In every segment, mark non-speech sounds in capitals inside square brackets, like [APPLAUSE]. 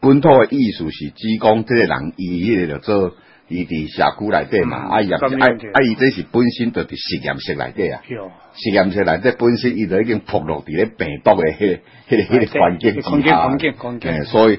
本土的意思是指講即個人伊迄個就做，伊佇社區內底嘛，嗯、啊伊、嗯、啊阿即、啊、是本身就佇實驗室內底啊，實驗室內底本身，伊就已經暴露佇咧病毒嘅，迄個迄個環境、那個環境、那個環境、環境、環境。所以。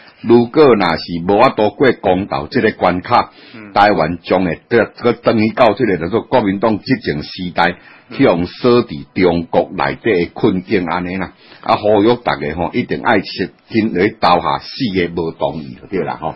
如果嗱是冇阿多過公道即個關卡，嗯，台灣將會得佢等於到出嚟，就做國民黨執政時代，嗯、去用鎖啲中國內地嘅困境，安尼啦。啊，呼籲大家吼，一定愛識先嚟投下四個唔同意，對啦，吼。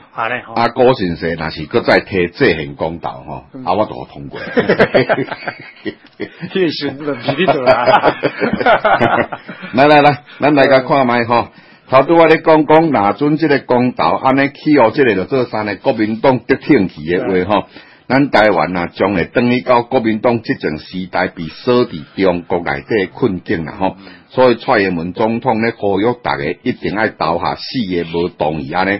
啊，嗯、啊！高郭先生，若是閣再係提即份公道吼，啊，我都好通過。呢個少林寺呢度來來來，咱大家看覓吼，頭拄我哋講講若准即個公道，安尼起喎即個著做晒呢國民黨得聽期誒話吼，咱台灣啊，將來當去到國民黨即陣時代，被鎖佇中國內底困境啊！吼、嗯。所以蔡英文總統咧呼籲大家一定要投下四個無同意安尼。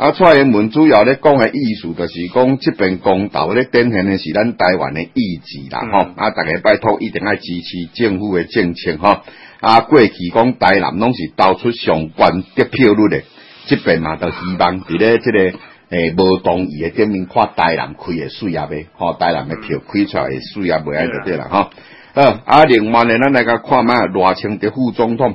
啊，蔡英文主要咧講嘅意思，著是講即邊公投咧，典型嘅是咱台灣嘅意志啦，吼、嗯！啊逐個拜託一定要支持政府嘅政策，吼！啊，過去講台南攏是導出相關得票率嘅，即邊嘛都希望佇咧即個誒無、欸、同意嘅頂面看台南開嘅水啊唄，吼、哦！台南嘅票開出來水、嗯、啊，袂愛得對啦，吼！啊，另外咧，咱來甲看覓賴清德副總統。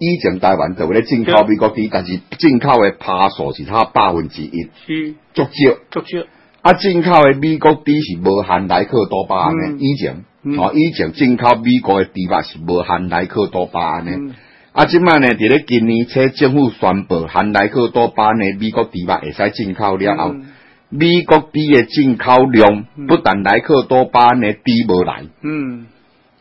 以前台灣就話咧進口美國豬，但是進口誒帕數是，差百分之一，足少足少。啊，進口誒美國豬是無限來克多巴胺誒、嗯，以前，哦、嗯，以前進口美國誒豬肉是無限來克多巴胺誒、嗯。啊，即擺呢，佇咧今年，且政府宣布限來克多巴胺誒美國豬肉會使進口了後、嗯，美國豬誒進口量、嗯、不但來克多巴胺誒豬無來嗯。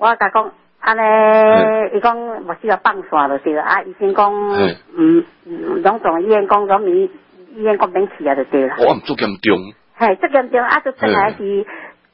我甲講，阿尼，伊講無需要放線就對了。啊，醫生講，嗯，兩、嗯、種，種醫院講，兩種醫院講免去啊就對了。我唔做咁重，係做咁重啊，就真係是。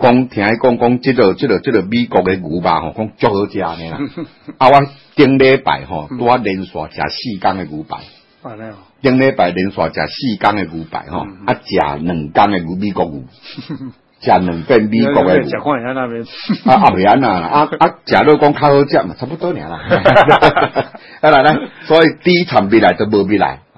講聽伊講講，即、這個即、這個即、這個美國嘅牛排吼，講足好食㗎、 [LAUGHS] 啊嗯嗯嗯。啊，我頂禮拜吼，我連續食四天嘅牛排。頂禮拜連續食四天嘅牛排吼，啊，食兩工嘅牛，美國牛，食兩頓美國嘅牛。啊啊未安啊啊啊！食、啊 [LAUGHS] 啊啊、都講較好食嘛，差不多㖏啦。啊 [LAUGHS] [LAUGHS] [LAUGHS] 來來，所以第一場未來就無未，未來。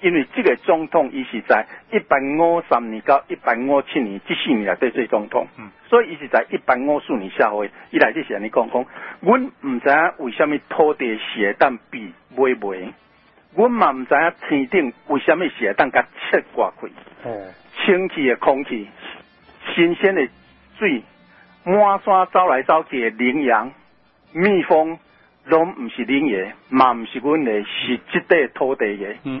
因為這個總統，伊是在一八五三年到一八五七年這四年來，對對總統。嗯。所以伊是在一八五四年下會伊來就是安尼講講。我唔知為蝦米土地雪蛋比買賣，我嘛唔知天頂為蝦米雪蛋甲切割開。嗯、哦。清氣的空氣，新鮮的水，滿山走來走去的羚羊、蜜蜂，攏唔是人的，嘛唔是阮的，是這塊土地的。嗯。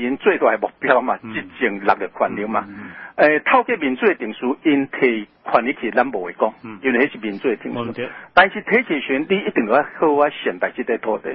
因最大係目標嘛，執政六個權力嘛。誒、嗯，透過民主嘅定數，因睇群啲嘢，咱冇會講，因迄是民主嘅定數。但是提起前，你一定要好啊，善待即塊土地。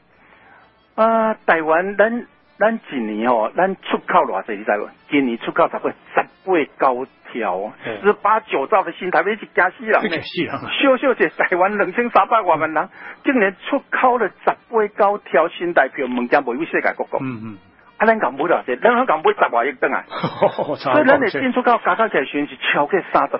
啊，台灣，咱咱一年哦，咱出口偌濟，你知無？今年出口十八、十八高條，十八九兆的新台幣一驚死人咧。一驚死人啊！小小隻台灣兩千三百萬萬人，竟、嗯、然出口了十八高條新台幣，物件賣到世界各國。嗯嗯，阿咱夠唔多少錢？阿咱夠唔十萬億噸啊？所以咱哋進出口加起來的時候是超過三十。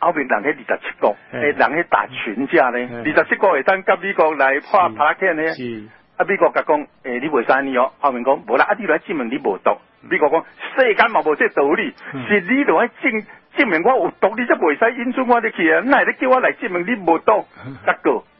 後邊人起二十七個，人打拳之下呢。二十七個學生跟美國嚟跨拍下呢。咧、啊，美國講你唔使呢樣、哦，後面講冇啦，啊啲來證明你無毒，美國講世間冇冇即道理，是呢度喺證證明我有毒，你即唔使引出我的氣，唔係你叫我嚟證明你無毒得個。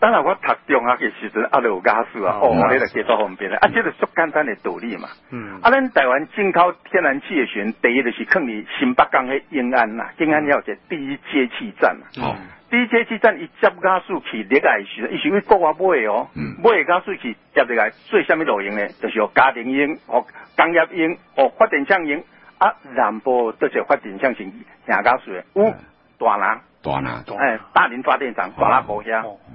等然，我讀中學嘅時陣，阿、啊、有壓縮啊，哦，你來幾做方便咧、嗯？啊，這個最簡單嘅道理嘛。嗯。啊，咱台灣進口天然氣嘅時陣，第一就是放佇新北江嘅永安呐，永安有一個第一接氣站、嗯。哦。第一接氣站一接壓縮氣入來時陣，伊是因為國外買哦，嗯，買壓縮氣接入來做蝦米路用咧？就是用家庭用、哦工業用、哦發電廠用。啊，南部都是發電廠先用壓縮氣。有大拿。大、嗯、南。大、嗯、南。哎、嗯，大林發電廠、嗯。大南故鄉。嗯嗯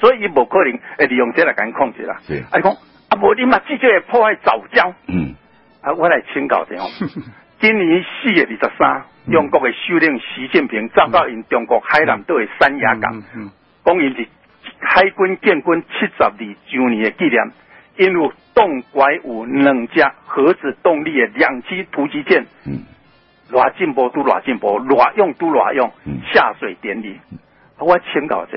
所以伊無可能，誒，利用即來干控制啦。是、啊，阿講，阿無你嘛直接會破壞藻礁。嗯，啊，我來請教一下。 [LAUGHS] 今年四月二十三，中國嘅首領習近平走、嗯、到因中國海南島嘅三亞港，講、嗯、因、嗯嗯嗯、是海軍建軍七十二周年嘅紀念，因為洞拐有兩架核子動力嘅兩棲突擊艦，嗯，熱進步都熱進步，熱用都熱用，下水典禮，嗯嗯啊、我請教一下。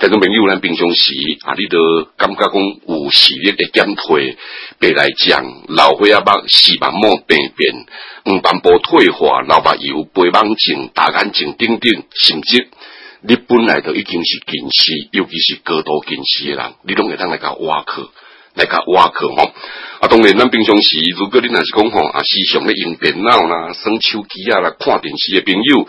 聽眾朋友，咱平常時啊，你度感覺講有視力的減退，白內障、老花眼、白視網膜病變、黃斑部退化、老白有白眼症、大眼睛等等，甚至你本來都已經是近視，尤其是高度近視嘅人，你攏會通來搞眼科、來搞眼科。哦，啊當然，咱平常時，如，你如果你若是講吼啊時常咧用電腦啦、玩手機啊、啦看電視嘅朋友。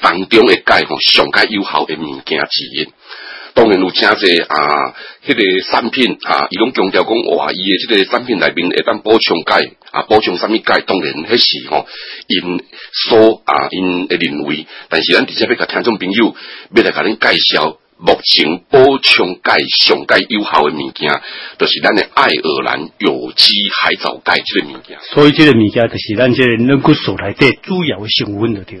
當中的鈣吼，上解有效嘅物件之一，當然有誠濟啊。迄、那個產品啊，伊攏強調講哇，伊誒即個產品內面會當補充鈣啊，補充啥物鈣，當然迄時吼，因、哦、所啊因誒認為。但是咱直接要甲聽眾朋友要來甲恁介紹目前補充鈣上解有效誒物件，就是咱誒愛爾蘭有機海藻鈣即、這個物件。所以，即個物件就是咱即個能夠所來即主要嘅成分咯，對。